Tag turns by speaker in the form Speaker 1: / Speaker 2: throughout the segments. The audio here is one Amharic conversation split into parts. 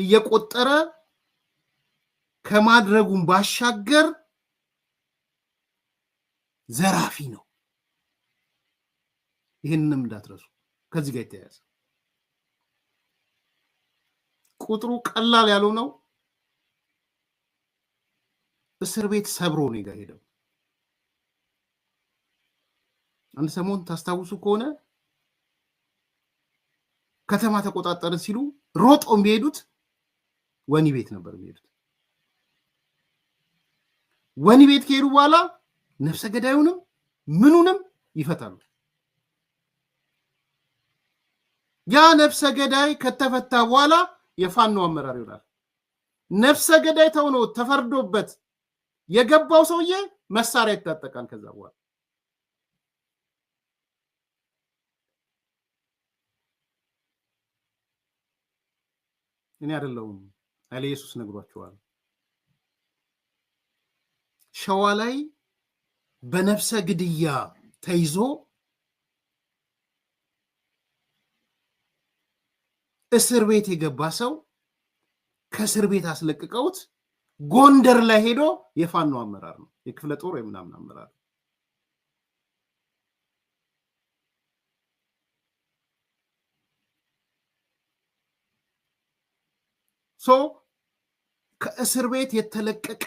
Speaker 1: እየቆጠረ ከማድረጉም ባሻገር ዘራፊ ነው። ይህንንም እንዳትረሱ። ከዚህ ጋር የተያያዘ ቁጥሩ ቀላል ያለው ነው። እስር ቤት ሰብሮ ነው ጋር ሄደው አንድ ሰሞን ታስታውሱ ከሆነ ከተማ ተቆጣጠርን ሲሉ ሮጦ የሚሄዱት ወኒ ቤት ነበር የሚሄዱት። ወኒ ቤት ከሄዱ በኋላ ነፍሰ ገዳዩንም ምኑንም ይፈታሉ። ያ ነፍሰ ገዳይ ከተፈታ በኋላ የፋኖ አመራር ይሆናል። ነፍሰ ገዳይ ተሆኖ ተፈርዶበት የገባው ሰውዬ መሳሪያ ይታጠቃል። ከዛ በኋላ እኔ አይደለሁም አለ ኢየሱስ ነግሯቸዋል። ሸዋ ላይ በነፍሰ ግድያ ተይዞ እስር ቤት የገባ ሰው ከእስር ቤት አስለቅቀውት ጎንደር ላይ ሄዶ የፋኖ አመራር ነው የክፍለ ጦር የምናምን አመራር ሶ ከእስር ቤት የተለቀቀ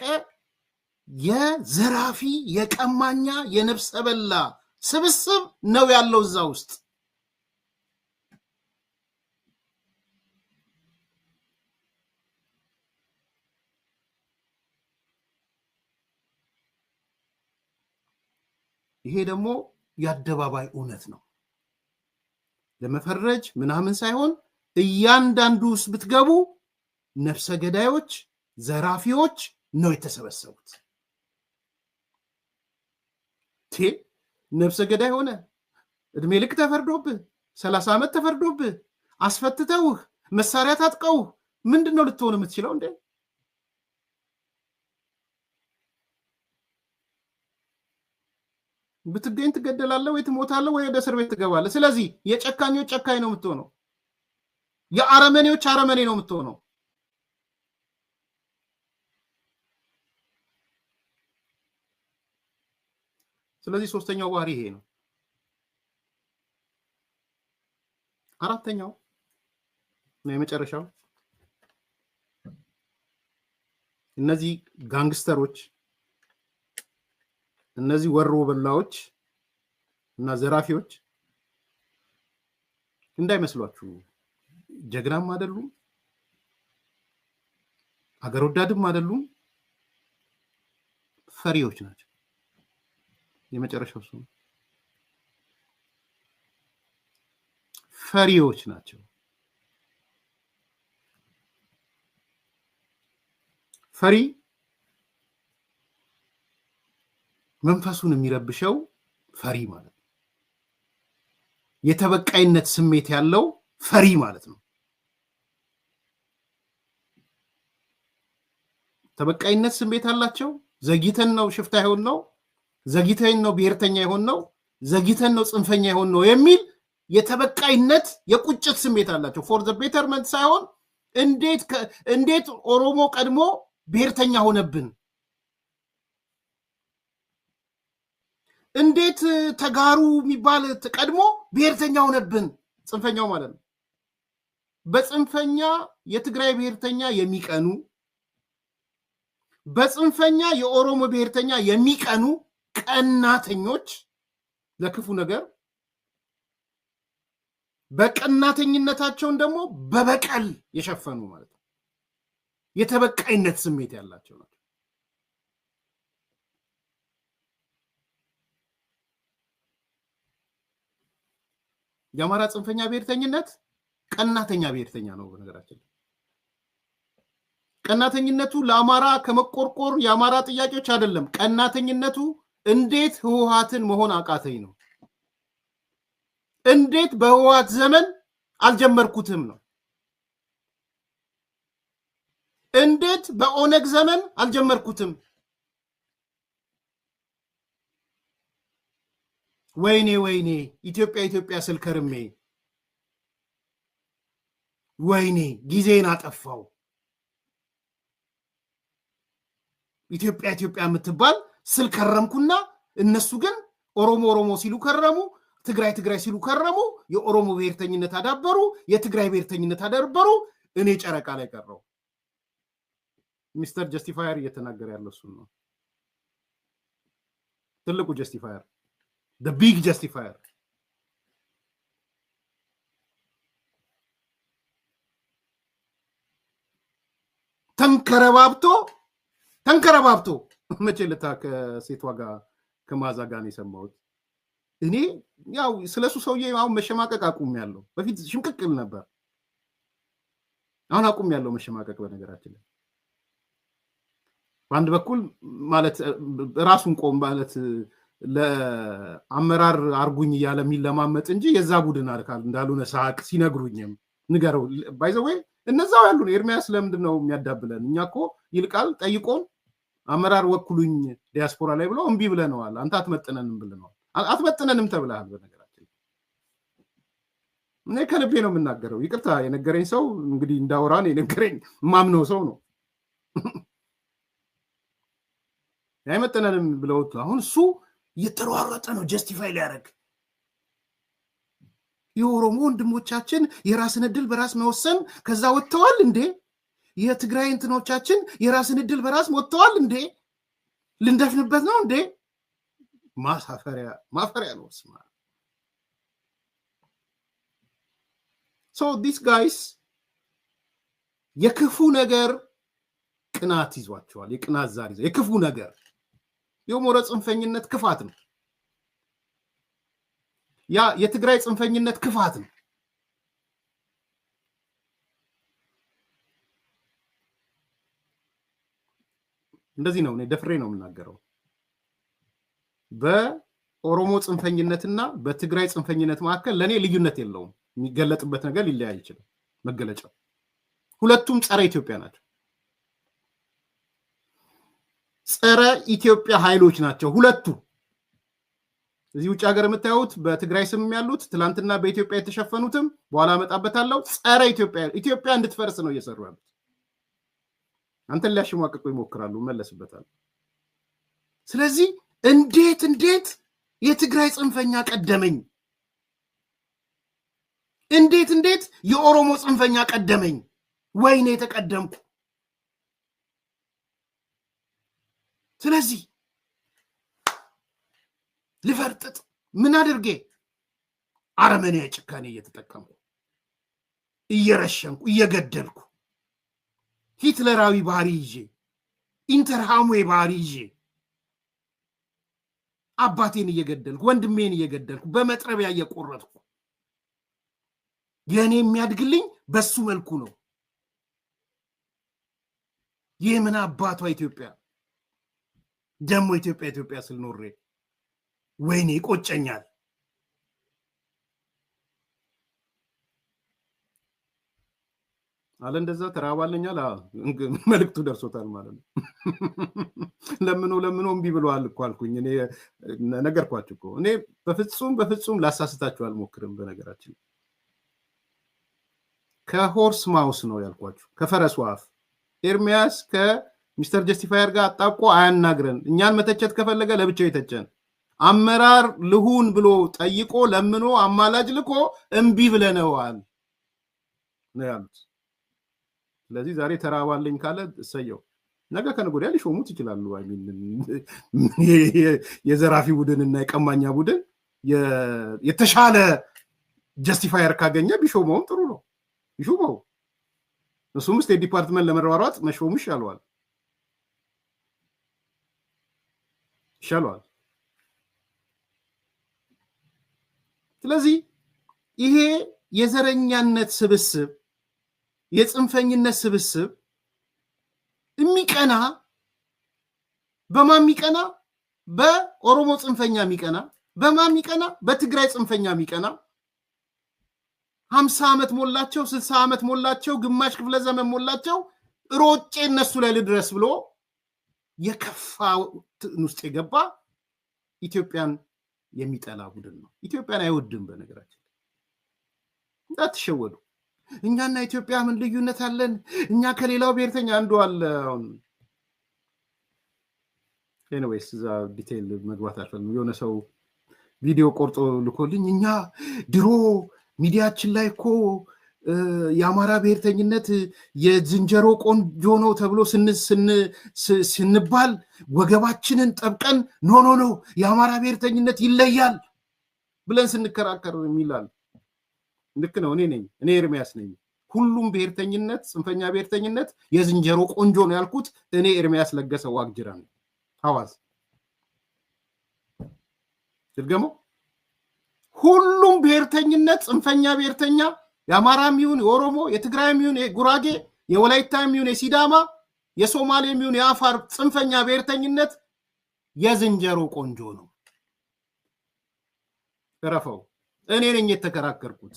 Speaker 1: የዘራፊ የቀማኛ የነፍሰ በላ ስብስብ ነው ያለው እዛ ውስጥ። ይሄ ደግሞ የአደባባይ እውነት ነው። ለመፈረጅ ምናምን ሳይሆን እያንዳንዱ ውስጥ ብትገቡ ነፍሰ ገዳዮች ዘራፊዎች ነው የተሰበሰቡት። ቴ ነፍሰ ገዳይ ሆነ፣ እድሜ ልክ ተፈርዶብህ፣ ሰላሳ ዓመት ተፈርዶብህ፣ አስፈትተውህ፣ መሳሪያ ታጥቀውህ ምንድን ነው ልትሆን የምትችለው እንዴ? ብትገኝ ትገደላለህ ወይ ትሞታለህ ወይ ወደ እስር ቤት ትገባለህ። ስለዚህ የጨካኞች ጨካኝ ነው የምትሆነው። የአረመኔዎች አረመኔ ነው የምትሆነው። ስለዚህ ሶስተኛው ባህሪ ይሄ ነው። አራተኛው ነው የመጨረሻው። እነዚህ ጋንግስተሮች፣ እነዚህ ወሮ በላዎች እና ዘራፊዎች እንዳይመስሏችሁ ጀግናም አይደሉም፣ አገር ወዳድም አይደሉም፣ ፈሪዎች ናቸው። የመጨረሻው እሱ ፈሪዎች ናቸው። ፈሪ መንፈሱን የሚረብሸው ፈሪ ማለት ነው። የተበቃይነት ስሜት ያለው ፈሪ ማለት ነው። ተበቃይነት ስሜት አላቸው። ዘግይተን ነው ሽፍታ ይሆን ነው ዘግይተን ነው ብሔርተኛ የሆን ነው ዘግይተን ነው ጽንፈኛ የሆን ነው የሚል የተበቃይነት የቁጭት ስሜት አላቸው። ፎር ዘ ቤተርመንት ሳይሆን እንዴት ኦሮሞ ቀድሞ ብሔርተኛ ሆነብን፣ እንዴት ተጋሩ የሚባል ቀድሞ ብሔርተኛ ሆነብን፣ ጽንፈኛው ማለት ነው። በጽንፈኛ የትግራይ ብሔርተኛ የሚቀኑ በጽንፈኛ የኦሮሞ ብሔርተኛ የሚቀኑ ቀናተኞች ለክፉ ነገር በቀናተኝነታቸውን ደግሞ በበቀል የሸፈኑ ማለት ነው። የተበቃይነት ስሜት ያላቸው ናቸው። የአማራ ጽንፈኛ ብሔርተኝነት ቀናተኛ ብሔርተኛ ነው። በነገራችን ቀናተኝነቱ ለአማራ ከመቆርቆር የአማራ ጥያቄዎች አይደለም። ቀናተኝነቱ እንዴት ህወሀትን መሆን አቃተኝ ነው። እንዴት በህወሀት ዘመን አልጀመርኩትም ነው። እንዴት በኦነግ ዘመን አልጀመርኩትም። ወይኔ ወይኔ ኢትዮጵያ ኢትዮጵያ ስል ከርሜ ወይኔ ጊዜን አጠፋው። ኢትዮጵያ ኢትዮጵያ የምትባል ስል ከረምኩና እነሱ ግን ኦሮሞ ኦሮሞ ሲሉ ከረሙ። ትግራይ ትግራይ ሲሉ ከረሙ። የኦሮሞ ብሔርተኝነት አዳበሩ። የትግራይ ብሔርተኝነት አዳበሩ። እኔ ጨረቃ ላይ ቀረው። ሚስተር ጀስቲፋየር እየተናገረ ያለሱ እሱን ነው። ትልቁ ጀስቲፋየር ቢግ ጀስቲፋየር ተንከረባብቶ ተንከረባብቶ መቼ ልታ ከሴቷ ጋር ከማዛ ጋር ነው የሰማሁት። እኔ ያው ስለሱ ሰውዬ አሁን መሸማቀቅ አቁም ያለው በፊት ሽምቅቅል ነበር። አሁን አቁም ያለው መሸማቀቅ። በነገራችን ላይ በአንድ በኩል ማለት ራሱን ቆም ማለት ለአመራር አርጉኝ እያለ የሚለማመጥ እንጂ የዛ ቡድን አልካል እንዳልሆነ ሳቅ ሲነግሩኝም ንገረው ባይዘወይ እነዛው ያሉ ነው። ኤርሚያስ ለምንድን ነው የሚያዳብለን? እኛ እኮ ይልቃል ጠይቆን አመራር ወኩሉኝ ዲያስፖራ ላይ ብለው እምቢ ብለነዋል። አንተ አትመጥነንም ብለነዋል። አትመጥነንም ተብለሃል። በነገራችን እኔ ከልቤ ነው የምናገረው። ይቅርታ የነገረኝ ሰው እንግዲህ እንዳውራን የነገረኝ ማምነው ሰው ነው። አይመጥነንም ብለውት አሁን እሱ እየተሯሯጠ ነው ጀስቲፋይ ሊያደርግ የኦሮሞ ወንድሞቻችን የራስን እድል በራስ መወሰን ከዛ ወጥተዋል እንዴ የትግራይ እንትኖቻችን የራስን እድል በራስ ሞጥተዋል እንዴ? ልንደፍንበት ነው እንዴ? ማሳፈሪያ ማፈሪያ ነው። ስማ ሶ ዲስ ጋይስ የክፉ ነገር ቅናት ይዟቸዋል። የቅናት ዛር ይዘ የክፉ ነገር የሞረ ጽንፈኝነት ክፋት ነው። ያ የትግራይ ጽንፈኝነት ክፋት ነው። እንደዚህ ነው፣ እኔ ደፍሬ ነው የምናገረው። በኦሮሞ ጽንፈኝነትና በትግራይ ጽንፈኝነት መካከል ለእኔ ልዩነት የለውም። የሚገለጥበት ነገር ሊለያይ ይችላል፣ መገለጫው። ሁለቱም ጸረ ኢትዮጵያ ናቸው፣ ጸረ ኢትዮጵያ ኃይሎች ናቸው ሁለቱ። እዚህ ውጭ ሀገር የምታዩት በትግራይ ስም ያሉት ትላንትና በኢትዮጵያ የተሸፈኑትም በኋላ እመጣበታለሁ፣ ጸረ ኢትዮጵያ ኢትዮጵያ እንድትፈርስ ነው እየሰሩ ያሉት። አንተን ሊያሽሟቅቁ ይሞክራሉ፣ መለስበታል። ስለዚህ እንዴት እንዴት የትግራይ ጽንፈኛ ቀደመኝ፣ እንዴት እንዴት የኦሮሞ ጽንፈኛ ቀደመኝ፣ ወይኔ የተቀደምኩ። ስለዚህ ልፈርጥጥ ምን አድርጌ አረመኔ ጭካኔ እየተጠቀምኩ እየረሸንኩ እየገደልኩ ሂትለራዊ ባህሪ ይዤ ኢንተርሃሙ ባህሪ ይዤ አባቴን እየገደልኩ ወንድሜን እየገደልኩ በመጥረቢያ እየቆረጥኩ የእኔ የሚያድግልኝ በሱ መልኩ ነው። ይህ ምን አባቷ ኢትዮጵያ ደግሞ ኢትዮጵያ ኢትዮጵያ ስልኖሬ ወይኔ ይቆጨኛል። አለ እንደዛ ተራባለኛል። መልእክቱ ደርሶታል ማለት ነው። ለምኖ ለምኖ እምቢ ብለዋል እኮ አልኩኝ። እኔ ነገርኳችሁ እኮ እኔ በፍጹም በፍጹም ላሳስታችሁ አልሞክርም። በነገራችን ከሆርስ ማውስ ነው ያልኳችሁ፣ ከፈረሱ አፍ ኤርሚያስ ከሚስተር ጀስቲፋየር ጋር አጣብቆ አያናግረን። እኛን መተቸት ከፈለገ ለብቻው የተቸን አመራር ልሁን ብሎ ጠይቆ ለምኖ አማላጅ ልኮ እምቢ ብለነዋል ነው ያሉት። ስለዚህ ዛሬ ተራባለኝ ካለ እሰየው፣ ነገ ከነገ ወዲያ ሊሾሙት ይችላሉ። የዘራፊ ቡድን እና የቀማኛ ቡድን የተሻለ ጀስቲፋየር ካገኘ ቢሾመውም ጥሩ ነው፣ ቢሾመው እሱም ስቴት ዲፓርትመንት ለመረባሯት መሾሙ ይሻለዋል ይሻለዋል። ስለዚህ ይሄ የዘረኛነት ስብስብ የጽንፈኝነት ስብስብ የሚቀና በማ የሚቀና? በኦሮሞ ጽንፈኛ የሚቀና በማ የሚቀና? በትግራይ ጽንፈኛ የሚቀና ሀምሳ ዓመት ሞላቸው፣ ስልሳ ዓመት ሞላቸው፣ ግማሽ ክፍለ ዘመን ሞላቸው፣ ሮጬ እነሱ ላይ ልድረስ ብሎ የከፋ ውስጥ የገባ ኢትዮጵያን የሚጠላ ቡድን ነው። ኢትዮጵያን አይወድም። በነገራችን እንዳትሸወዱ። እኛና ኢትዮጵያ ምን ልዩነት አለን? እኛ ከሌላው ብሔርተኛ አንዱ አለ። ኤኒዌይስ እዛ ዲቴይል መግባት አልፈልም። የሆነ ሰው ቪዲዮ ቆርጦ ልኮልኝ እኛ ድሮ ሚዲያችን ላይ እኮ የአማራ ብሔርተኝነት የዝንጀሮ ቆንጆ ነው ተብሎ ስንባል ወገባችንን ጠብቀን ኖ ኖ ኖ የአማራ ብሔርተኝነት ይለያል ብለን ስንከራከር የሚላል ልክ ነው። እኔ ነኝ እኔ ኤርሚያስ ነኝ። ሁሉም ብሔርተኝነት፣ ጽንፈኛ ብሔርተኝነት የዝንጀሮ ቆንጆ ነው ያልኩት እኔ ኤርሚያስ ለገሰ ዋግጅራ ነው። ሐዋዝ ድገሞ ሁሉም ብሔርተኝነት፣ ጽንፈኛ ብሔርተኛ የአማራ ይሁን የኦሮሞ የትግራይ ይሁን የጉራጌ የወላይታ ይሁን የሲዳማ የሶማሌ ይሁን የአፋር ጽንፈኛ ብሔርተኝነት የዝንጀሮ ቆንጆ ነው። እረፈው። እኔ ነኝ የተከራከርኩት።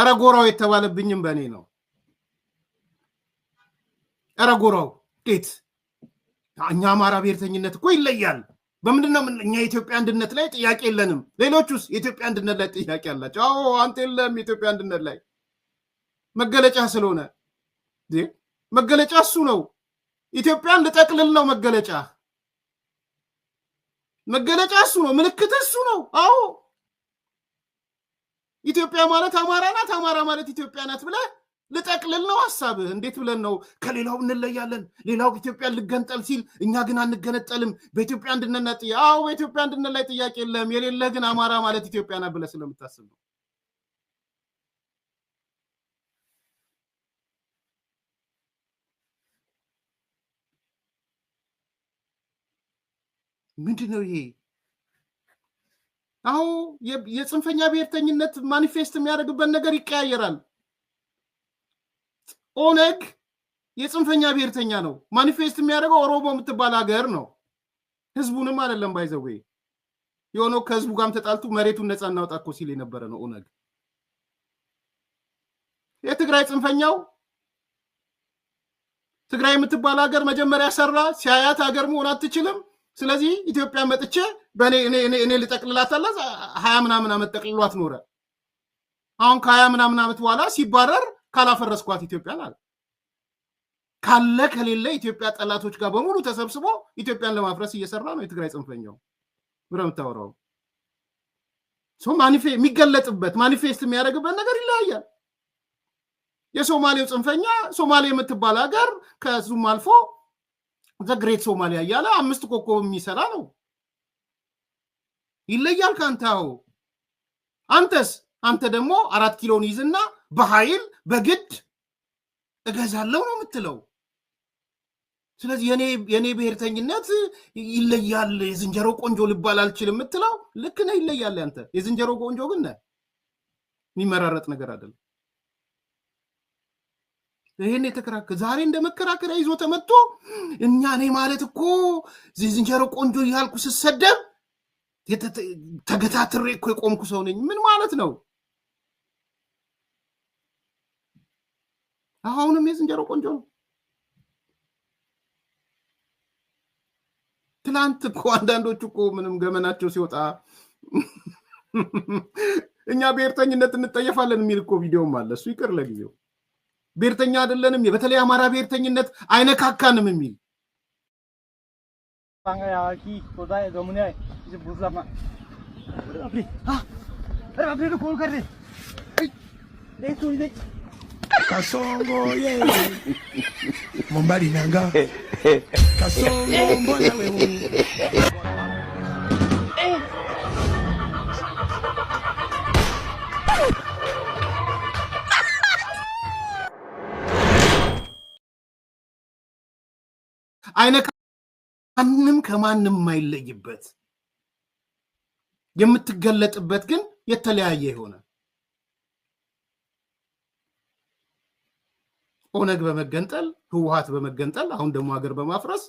Speaker 1: ኧረ ጎራው የተባለብኝም በእኔ ነው። ኧረ ጎራው እንዴት እኛ አማራ ብሔርተኝነት እኮ ይለያል። በምንድን ነው እኛ የኢትዮጵያ አንድነት ላይ ጥያቄ የለንም። ሌሎቹስ የኢትዮጵያ አንድነት ላይ ጥያቄ አላቸው። አዎ አንተ የለም የኢትዮጵያ አንድነት ላይ መገለጫ ስለሆነ መገለጫ እሱ ነው። ኢትዮጵያን ልጠቅልል ነው መገለጫ መገለጫ እሱ ነው። ምልክት እሱ ነው። አዎ ኢትዮጵያ ማለት አማራ ናት፣ አማራ ማለት ኢትዮጵያ ናት ብለህ ልጠቅልል ነው ሀሳብህ። እንዴት ብለን ነው ከሌላው እንለያለን? ሌላው ኢትዮጵያ ልገንጠል ሲል እኛ ግን አንገነጠልም። በኢትዮጵያ አንድነት ላይ አዎ፣ በኢትዮጵያ አንድነት ላይ ጥያቄ የለም። የሌለ ግን አማራ ማለት ኢትዮጵያ ናት ብለህ ስለምታስብ ነው። ምንድን ነው ይሄ? አሁ የጽንፈኛ ብሔርተኝነት ማኒፌስት የሚያደርግበት ነገር ይቀያየራል። ኦነግ የጽንፈኛ ብሔርተኛ ነው። ማኒፌስት የሚያደርገው ኦሮሞ የምትባል ሀገር ነው። ህዝቡንም አይደለም ባይዘዌ የሆነው ከህዝቡ ጋርም ተጣልቱ መሬቱን ነፃ እናውጣ እኮ ሲል የነበረ ነው ኦነግ። የትግራይ ጽንፈኛው ትግራይ የምትባል ሀገር መጀመሪያ ሰራ ሲያያት ሀገር መሆን አትችልም። ስለዚህ ኢትዮጵያ መጥቼ በእኔ ልጠቅልላት አለ ሀያ ምናምን ዓመት ጠቅልሏት ኖረ። አሁን ከሀያ ምናምን ዓመት በኋላ ሲባረር ካላፈረስኳት ኢትዮጵያን አለ ካለ ከሌለ ኢትዮጵያ ጠላቶች ጋር በሙሉ ተሰብስቦ ኢትዮጵያን ለማፍረስ እየሰራ ነው የትግራይ ጽንፈኛው ብለህ ሰው ማኒፌ የሚገለጥበት ማኒፌስት የሚያደርግበት ነገር ይለያያል። የሶማሌው ጽንፈኛ ሶማሌ የምትባል ሀገር ከዙም አልፎ ዘግሬት ሶማሊያ እያለ አምስት ኮከብ የሚሰራ ነው። ይለያል ከአንተው። አንተስ አንተ ደግሞ አራት ኪሎን ይዝና በኃይል በግድ እገዛለው ነው የምትለው። ስለዚህ የእኔ ብሔርተኝነት ይለያል፣ የዝንጀሮ ቆንጆ ልባል አልችልም የምትለው ልክ ነህ። ይለያል አንተ የዝንጀሮ ቆንጆ ግን ነህ። የሚመራረጥ ነገር አይደለም። ይህን የተከራከረ ዛሬ እንደ መከራከሪያ ይዞ ተመጥቶ እኛ እኔ ማለት እኮ ዝንጀሮ ቆንጆ እያልኩ ስሰደብ ተገታትሬ እኮ የቆምኩ ሰው ነኝ። ምን ማለት ነው? አሁንም የዝንጀሮ ቆንጆ ነው። ትላንት እኮ አንዳንዶቹ እኮ ምንም ገመናቸው ሲወጣ እኛ ብሔርተኝነት እንጠየፋለን የሚል እኮ ቪዲዮም አለ። እሱ ይቅር ለጊዜው። ብሔርተኛ አይደለንም፣ በተለይ አማራ ብሔርተኝነት አይነካካንም የሚል इसे भूख लगा अरे बाप रे हाँ अरे बाप रे तो कॉल कर दे देख तू देख kasongo ye mobali nanga kasongo mbona we አይነ ማንም ከማንም የማይለይበት የምትገለጥበት ግን የተለያየ የሆነ ኦነግ በመገንጠል ህወሀት በመገንጠል አሁን ደግሞ ሀገር በማፍረስ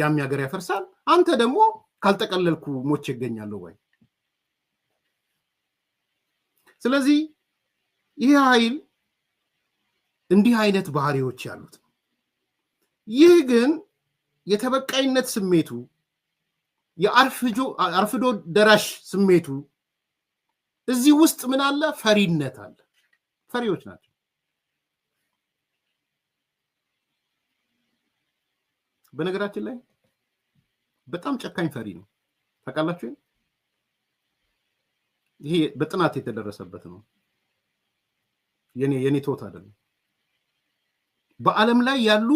Speaker 1: ያም ሀገር ያፈርሳል። አንተ ደግሞ ካልጠቀለልኩ ሞቼ ይገኛለሁ ወይ? ስለዚህ ይህ ኃይል እንዲህ አይነት ባህሪዎች ያሉት ይህ ግን የተበቃይነት ስሜቱ የአርፍዶ ደራሽ ስሜቱ እዚህ ውስጥ ምን አለ? ፈሪነት አለ። ፈሪዎች ናቸው። በነገራችን ላይ በጣም ጨካኝ ፈሪ ነው። ታውቃላችሁ፣ ይሄ በጥናት የተደረሰበት ነው። የኔ የኔ ቶት አይደለም። በዓለም ላይ ያሉ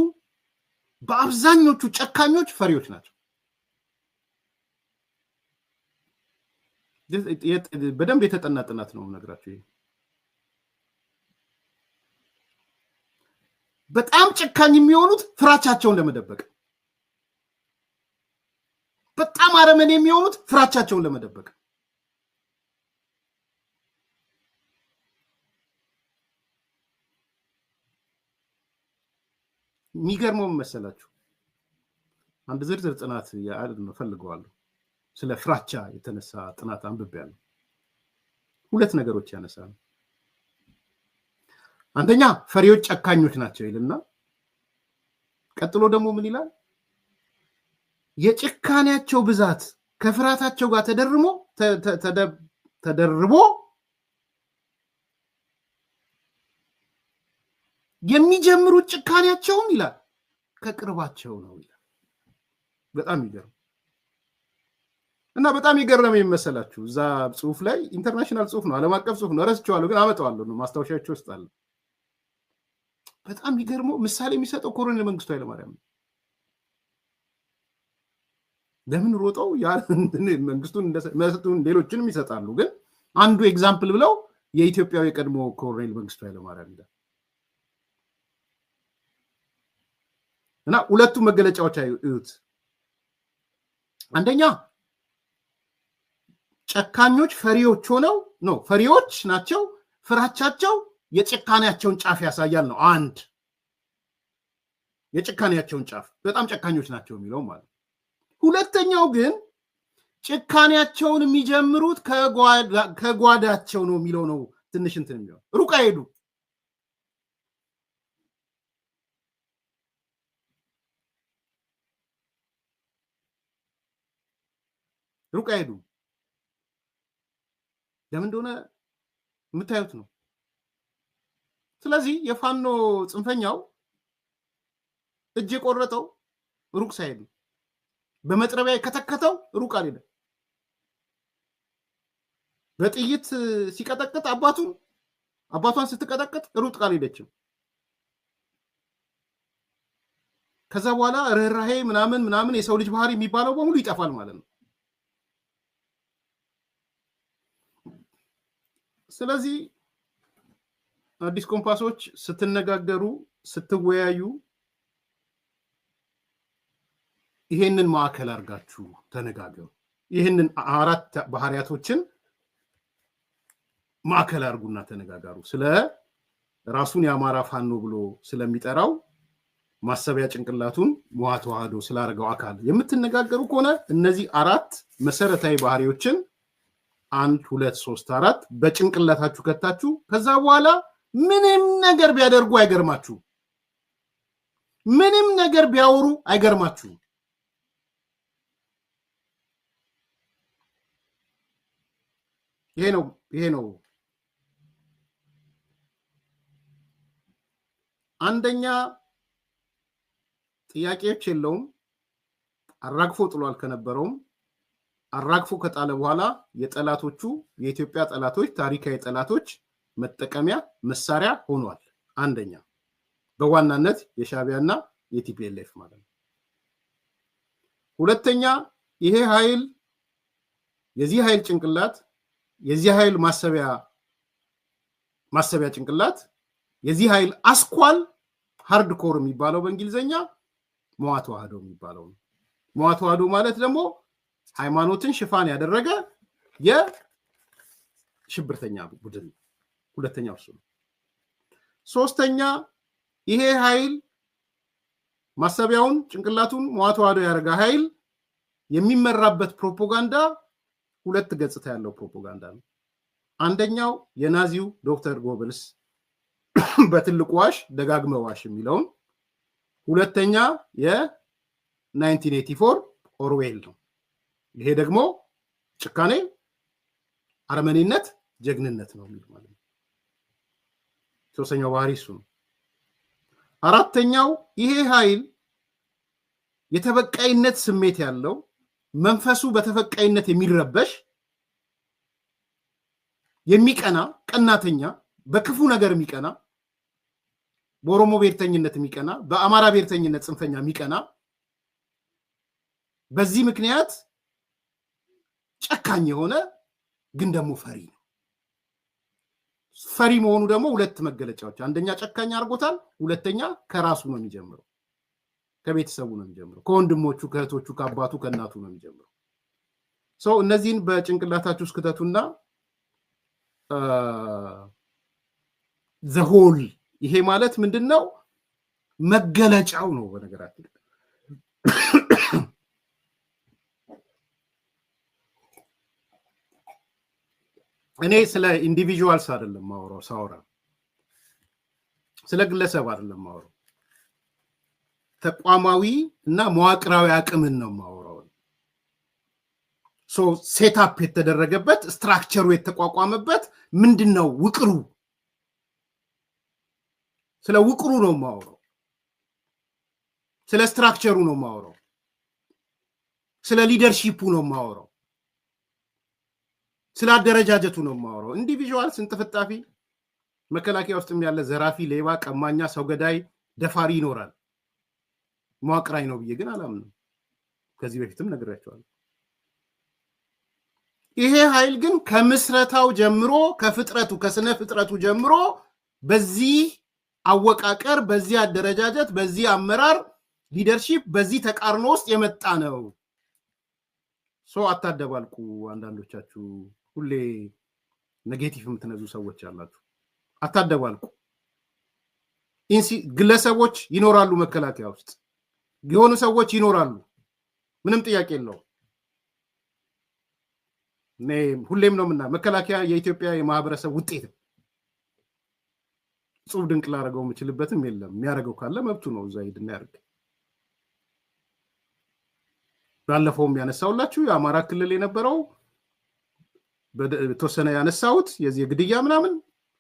Speaker 1: በአብዛኞቹ ጨካኞች ፈሪዎች ናቸው። በደንብ የተጠና ጥናት ነው የምነግራችሁ። ይሄ በጣም ጭካኝ የሚሆኑት ፍራቻቸውን ለመደበቅ፣ በጣም አረመኔ የሚሆኑት ፍራቻቸውን ለመደበቅ የሚገርመው መሰላችሁ አንድ ዝርዝር ጥናት ፈልገዋለሁ። ስለ ፍራቻ የተነሳ ጥናት አንብቤያለሁ። ሁለት ነገሮች ያነሳል። አንደኛ ፈሪዎች ጨካኞች ናቸው ይልና ቀጥሎ ደግሞ ምን ይላል? የጭካኔያቸው ብዛት ከፍርሃታቸው ጋር ተደርሞ ተደርቦ የሚጀምሩት ጭካኔያቸውም ይላል ከቅርባቸው ነው ይላል። በጣም ይገርም እና በጣም የገረመ የመሰላችሁ እዛ ጽሁፍ ላይ ኢንተርናሽናል ጽሁፍ ነው፣ ዓለም አቀፍ ጽሁፍ ነው። ረስቼዋለሁ ግን አመጣዋለሁ ነው ማስታወሻቸው ውስጥ አለ። በጣም የሚገርመው ምሳሌ የሚሰጠው ኮሎኔል መንግስቱ ኃይለማርያም ነው። ለምን ሮጠው መንግስቱን ሌሎችንም ይሰጣሉ፣ ግን አንዱ ኤግዛምፕል ብለው የኢትዮጵያዊ የቀድሞ ኮሎኔል መንግስቱ ኃይለማርያም ይላል እና ሁለቱም መገለጫዎች አዩት አንደኛ ጨካኞች ፈሪዎች ሆነው ነው ፈሪዎች ናቸው። ፍራቻቸው የጭካኔያቸውን ጫፍ ያሳያል ነው አንድ የጭካኔያቸውን ጫፍ በጣም ጨካኞች ናቸው የሚለው ማለት ነው። ሁለተኛው ግን ጭካኔያቸውን የሚጀምሩት ከጓዳቸው ነው የሚለው ነው። ትንሽ እንትን የሚለው ሩቅ አይሄዱ ሩቅ አይሄዱ ለምን እንደሆነ የምታዩት ነው። ስለዚህ የፋኖ ጽንፈኛው እጅ የቆረጠው ሩቅ ሳይሄድ ነው። በመጥረቢያ የከተከተው ሩቅ አልሄደም። በጥይት ሲቀጠቅጥ አባቱን አባቷን ስትቀጠቅጥ ሩቅ አልሄደችም። ከዛ በኋላ ርኅራሄ ምናምን ምናምን የሰው ልጅ ባህሪ የሚባለው በሙሉ ይጠፋል ማለት ነው። ስለዚህ አዲስ ኮምፓሶች ስትነጋገሩ፣ ስትወያዩ ይሄንን ማዕከል አድርጋችሁ ተነጋገሩ። ይህንን አራት ባህሪያቶችን ማዕከል አድርጉና ተነጋገሩ። ስለ ራሱን የአማራ ፋኖ ብሎ ስለሚጠራው ማሰቢያ ጭንቅላቱን መዋ ተዋህዶ ስላደረገው አካል የምትነጋገሩ ከሆነ እነዚህ አራት መሰረታዊ ባህሪዎችን አንድ ሁለት ሶስት አራት በጭንቅላታችሁ ከታችሁ ከዛ በኋላ ምንም ነገር ቢያደርጉ አይገርማችሁ፣ ምንም ነገር ቢያወሩ አይገርማችሁ። ይሄ ነው ይሄ ነው። አንደኛ ጥያቄዎች የለውም አራግፎ ጥሏል ከነበረውም አራግፎ ከጣለ በኋላ የጠላቶቹ የኢትዮጵያ ጠላቶች ታሪካዊ ጠላቶች መጠቀሚያ መሳሪያ ሆኗል። አንደኛ በዋናነት የሻዕቢያና የቲፒኤልኤፍ ማለት ነው። ሁለተኛ ይሄ ኃይል የዚህ ኃይል ጭንቅላት የዚህ ኃይል ማሰቢያ ማሰቢያ ጭንቅላት የዚህ ኃይል አስኳል ሃርድ ኮር የሚባለው በእንግሊዝኛ መዋተዋህዶ የሚባለው ነው። መዋተዋህዶ ማለት ደግሞ ሃይማኖትን ሽፋን ያደረገ የሽብርተኛ ቡድን ነው። ሁለተኛው እሱ ነው። ሶስተኛ ይሄ ኃይል ማሰቢያውን ጭንቅላቱን መዋተዋዶ ያደረገ ኃይል የሚመራበት ፕሮፓጋንዳ ሁለት ገጽታ ያለው ፕሮፓጋንዳ ነው። አንደኛው የናዚው ዶክተር ጎብልስ በትልቁ ዋሽ ደጋግመ ዋሽ የሚለውን ሁለተኛ የ1984 ኦርዌል ነው። ይሄ ደግሞ ጭካኔ፣ አረመኔነት፣ ጀግንነት ነው የሚል ማለት ነው። ሶስተኛው ባህሪ እሱ ነው። አራተኛው ይሄ ኃይል የተበቃይነት ስሜት ያለው መንፈሱ በተፈቃይነት የሚረበሽ የሚቀና ቀናተኛ፣ በክፉ ነገር የሚቀና በኦሮሞ ብሔርተኝነት የሚቀና በአማራ ብሔርተኝነት ጽንፈኛ የሚቀና በዚህ ምክንያት ጨካኝ የሆነ ግን ደግሞ ፈሪ ነው። ፈሪ መሆኑ ደግሞ ሁለት መገለጫዎች፣ አንደኛ ጨካኝ አድርጎታል፣ ሁለተኛ ከራሱ ነው የሚጀምረው፣ ከቤተሰቡ ነው የሚጀምረው፣ ከወንድሞቹ፣ ከእህቶቹ፣ ከአባቱ፣ ከእናቱ ነው የሚጀምረው። ሰው እነዚህን በጭንቅላታችሁ ውስጥ ዘሆል ይሄ ማለት ምንድን ነው? መገለጫው ነው። በነገራችን እኔ ስለ ኢንዲቪጁዋልስ አይደለም ማውራው፣ ሳውራ ስለ ግለሰብ አይደለም ማውራው፣ ተቋማዊ እና መዋቅራዊ አቅምን ነው ማውራው። ሴታፕ የተደረገበት ስትራክቸሩ የተቋቋመበት ምንድን ነው ውቅሩ፣ ስለ ውቅሩ ነው ማውራው፣ ስለ ስትራክቸሩ ነው ማውራው፣ ስለ ሊደርሺፑ ነው ማውራው። ስለ አደረጃጀቱ ነው የማወራው። ኢንዲቪዥዋል ስንጥፍጣፊ መከላከያ ውስጥም ያለ ዘራፊ፣ ሌባ፣ ቀማኛ፣ ሰው ገዳይ፣ ደፋሪ ይኖራል። መዋቅራዊ ነው ብዬ ግን አላምንም። ከዚህ በፊትም ነግሬያቸዋለሁ። ይሄ ኃይል ግን ከምስረታው ጀምሮ ከፍጥረቱ ከስነ ፍጥረቱ ጀምሮ በዚህ አወቃቀር፣ በዚህ አደረጃጀት፣ በዚህ አመራር ሊደርሺፕ፣ በዚህ ተቃርኖ ውስጥ የመጣ ነው። ሰው አታደባልቁ አንዳንዶቻችሁ። ሁሌ ኔጌቲቭ የምትነዙ ሰዎች አላችሁ። አታደባልቁ። ግለሰቦች ይኖራሉ፣ መከላከያ ውስጥ የሆኑ ሰዎች ይኖራሉ። ምንም ጥያቄ የለውም። ሁሌም ነው ምና መከላከያ የኢትዮጵያ የማህበረሰብ ውጤት ነው። ድንቅ ላደረገው የምችልበትም የለም። የሚያደርገው ካለ መብቱ ነው፣ እዛ ሂድና ያደርግ። ባለፈውም ያነሳውላችሁ የአማራ ክልል የነበረው የተወሰነ ያነሳሁት የዚህ ግድያ ምናምን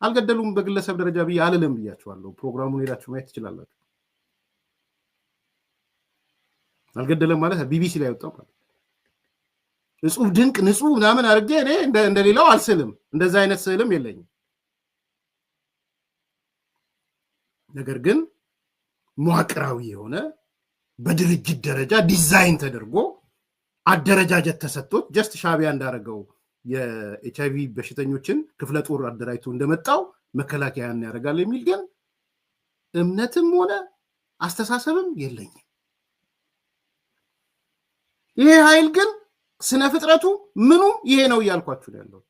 Speaker 1: አልገደሉም በግለሰብ ደረጃ ብዬ አልልም ብያቸዋለሁ። ፕሮግራሙን ሄዳችሁ ማየት ትችላላችሁ። አልገደለም ማለት ቢቢሲ ላይ ወጣው ማለት እጹብ ድንቅ ንጹህ ምናምን አድርጌ እኔ እንደሌላው አልስልም። እንደዛ አይነት ስዕልም የለኝም። ነገር ግን መዋቅራዊ የሆነ በድርጅት ደረጃ ዲዛይን ተደርጎ አደረጃጀት ተሰጥቶት ጀስት ሻቢያ እንዳደረገው የኤች አይቪ በሽተኞችን ክፍለ ጦር አደራጅቶ እንደመጣው መከላከያን ያደርጋል የሚል ግን እምነትም ሆነ አስተሳሰብም የለኝም። ይሄ ኃይል ግን ስነ ፍጥረቱ ምኑ ይሄ ነው እያልኳችሁ ነው ያለው።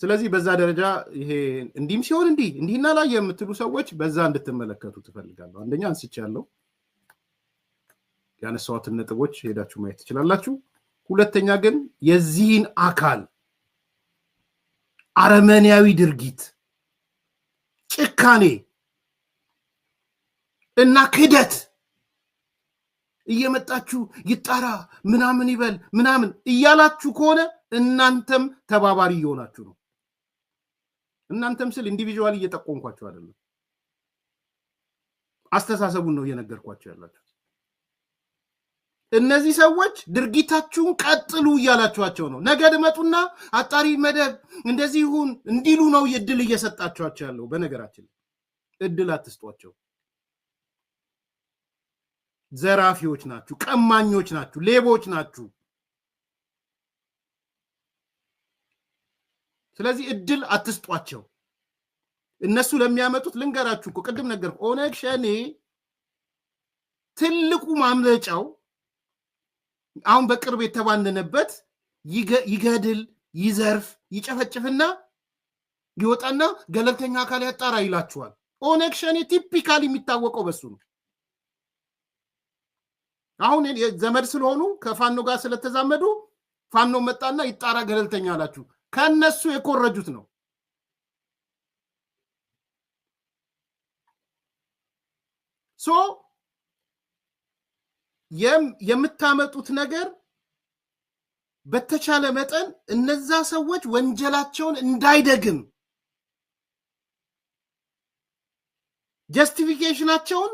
Speaker 1: ስለዚህ በዛ ደረጃ ይሄ እንዲህም ሲሆን እንዲህ እንዲህና ላይ የምትሉ ሰዎች በዛ እንድትመለከቱ ትፈልጋለሁ። አንደኛ አንስቻለሁ። ያነሳኋትን ነጥቦች ሄዳችሁ ማየት ትችላላችሁ። ሁለተኛ ግን የዚህን አካል አረመኔያዊ ድርጊት፣ ጭካኔ እና ክህደት እየመጣችሁ ይጣራ ምናምን ይበል ምናምን እያላችሁ ከሆነ እናንተም ተባባሪ እየሆናችሁ ነው። እናንተም ስል ኢንዲቪዥዋል እየጠቆምኳቸው አይደለም፣ አስተሳሰቡን ነው እየነገርኳቸው ያላችሁ። እነዚህ ሰዎች ድርጊታችሁን ቀጥሉ እያላችኋቸው ነው። ነገ ድመጡና አጣሪ መደብ እንደዚህ ይሁን እንዲሉ ነው እድል እየሰጣችኋቸው ያለው። በነገራችን እድል አትስጧቸው። ዘራፊዎች ናችሁ፣ ቀማኞች ናችሁ፣ ሌቦች ናችሁ። ስለዚህ እድል አትስጧቸው። እነሱ ለሚያመጡት ልንገራችሁ እኮ ቅድም ነገር ኦነግ ሸኔ ትልቁ ማምለጫው አሁን በቅርብ የተባንንበት ይገድል፣ ይዘርፍ፣ ይጨፈጭፍና ይወጣና ገለልተኛ አካል ያጣራ ይላችኋል። ኦነግ ሸኔ ቲፒካል የሚታወቀው በሱ ነው። አሁን ዘመድ ስለሆኑ ከፋኖ ጋር ስለተዛመዱ ፋኖ መጣና ይጣራ ገለልተኛ አላችሁ። ከነሱ የኮረጁት ነው። ሶ የምታመጡት ነገር በተቻለ መጠን እነዛ ሰዎች ወንጀላቸውን እንዳይደግም ጀስቲፊኬሽናቸውን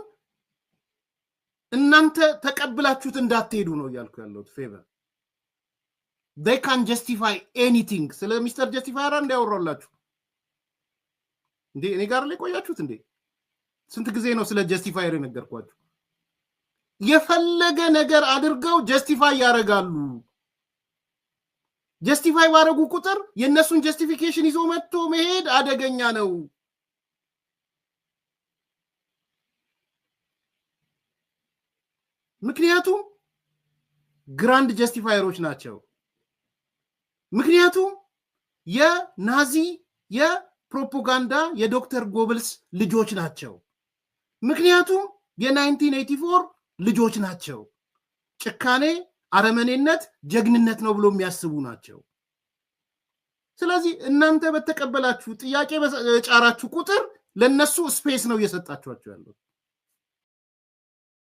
Speaker 1: እናንተ ተቀብላችሁት እንዳትሄዱ ነው እያልኩ ያለሁት። ፌቨር ዴይ ካን ጀስቲፋይ ኤኒቲንግ። ስለ ሚስተር ጀስቲፋየር እንዲያወራላችሁ እንዴ! እኔ ጋር ላይ ቆያችሁት እንዴ? ስንት ጊዜ ነው ስለ ጀስቲፋየር የነገርኳችሁ? የፈለገ ነገር አድርገው ጀስቲፋይ ያደርጋሉ። ጀስቲፋይ ባደረጉ ቁጥር የእነሱን ጀስቲፊኬሽን ይዞ መጥቶ መሄድ አደገኛ ነው። ምክንያቱም ግራንድ ጀስቲፋየሮች ናቸው። ምክንያቱም የናዚ የፕሮፓጋንዳ የዶክተር ጎብልስ ልጆች ናቸው። ምክንያቱም የ1984 ልጆች ናቸው። ጭካኔ፣ አረመኔነት ጀግንነት ነው ብሎ የሚያስቡ ናቸው። ስለዚህ እናንተ በተቀበላችሁ ጥያቄ በጫራችሁ ቁጥር ለእነሱ ስፔስ ነው እየሰጣችኋቸው ያለው።